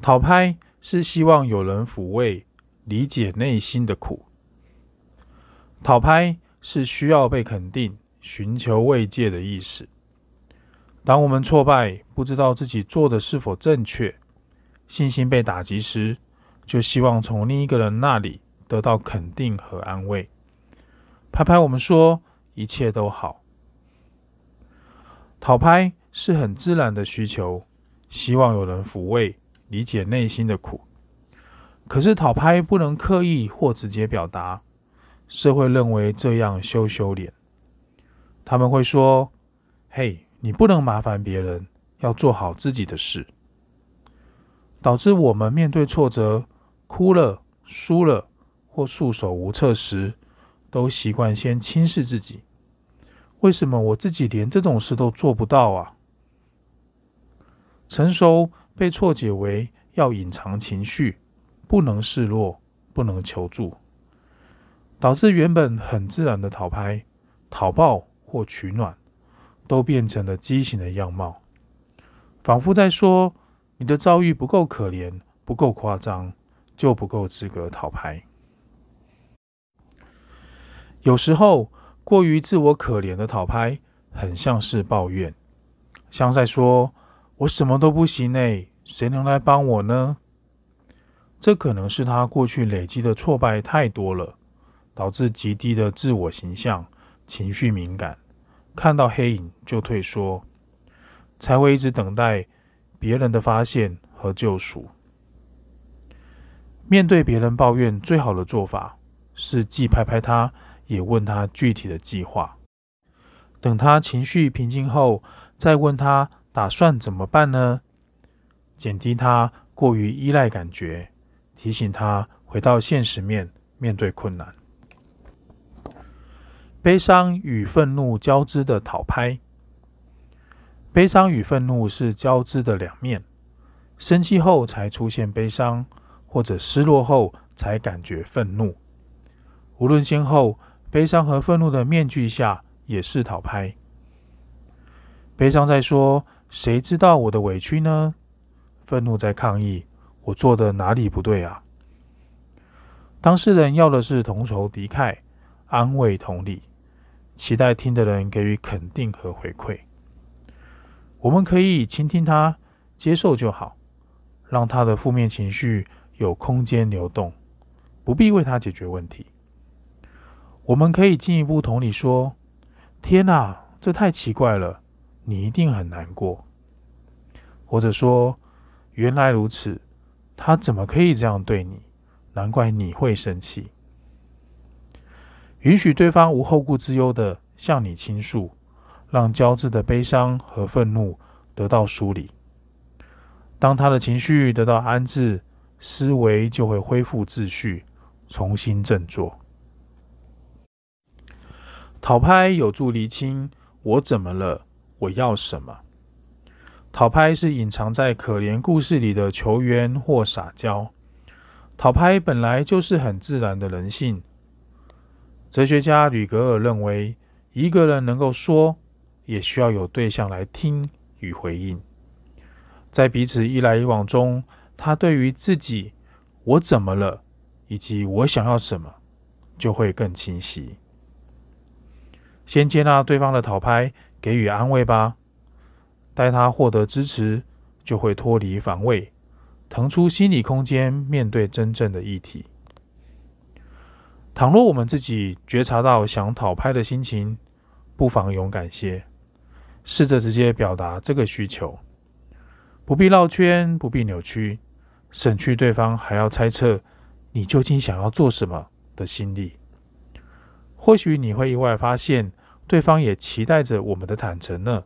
討拍是希望有人撫慰、理解內心的苦；討拍是需要被肯定、尋求慰藉的意思。當我們挫敗、不知道自己做的是否正確、信心被打擊時，就希望從另一個人那裡得到肯定和安慰。拍拍我們說一切都好。討拍是很自然的需求，希望有人撫慰。理解內心的苦，可是討拍不能刻意或直接表達，社會認為這樣羞羞臉，他們會說：“嘿，你不能麻煩別人，要做好自己的事。”導致我們面對挫折、哭了、輸了或束手無策時，都習慣先輕視自己。為什麼我自己連這種事都做不到啊？成熟。被錯解為要隱藏情緒，不能示弱，不能求助，導致原本很自然的討拍、討抱或取暖，都變成了畸形的樣貌，仿佛在說你的遭遇不夠可憐，不夠誇張，就不夠資格討拍。有時候，過於自我可憐的討拍，很像是抱怨，像在說。我什麼都不行欸，誰能來幫我呢？這可能是他過去累積的挫敗太多了，導致極低的自我形象，情緒敏感，看到黑影就退縮，才會一直等待別人的發現和救贖。面對別人抱怨，最好的做法是既拍拍他，也問他具體的計劃，等他情緒平靜後再問他，打算怎麼辦呢？減低他過於依賴感覺，提醒他回到現實面，面對困難。悲傷與憤怒交織的討拍。悲傷與憤怒是交織的兩面，生氣後才出現悲傷，或者失落後才感覺憤怒。無論先後，悲傷和憤怒的面具下也是討拍。悲傷在說。誰知道我的委屈呢？憤怒在抗議，我做的哪裡不對啊？當事人要的是同仇敵愾，安慰同理，期待聽的人給予肯定和回饋。我們可以傾聽他，接受就好，讓他的負面情緒有空間流動，不必為他解決問題。我們可以進一步同理說：“天哪，這太奇怪了。”你一定很難過，或者說，原來如此，他怎麼可以這樣對你？難怪你會生氣。允許對方無後顧之憂的向你傾訴，讓交織的悲傷和憤怒得到梳理。當他的情緒得到安置，思維就會恢復秩序，重新振作。討拍有助釐清我怎麼了？我要什麼？討拍是隱藏在可憐故事裡的求援，或撒嬌。討拍本來就是很自然的人性。哲學家呂格爾認為，一個人能夠說，也需要有對象來聽與回應。在彼此一來一往中，他對於自己“我怎麼了”以及“我想要什麼”就會更清晰。先接納對方的討拍，給予安慰吧。待他獲得支持，就會脫離防衛，騰出心理空間面對真正的議題。倘若我們自己覺察到想討拍的心情，不妨勇敢些，試着直接表達這個需求，不必繞圈，不必扭曲，省去對方還要猜測你究竟想要做什麼的心理。或許你會意外發現。對方也期待着我們的坦誠呢。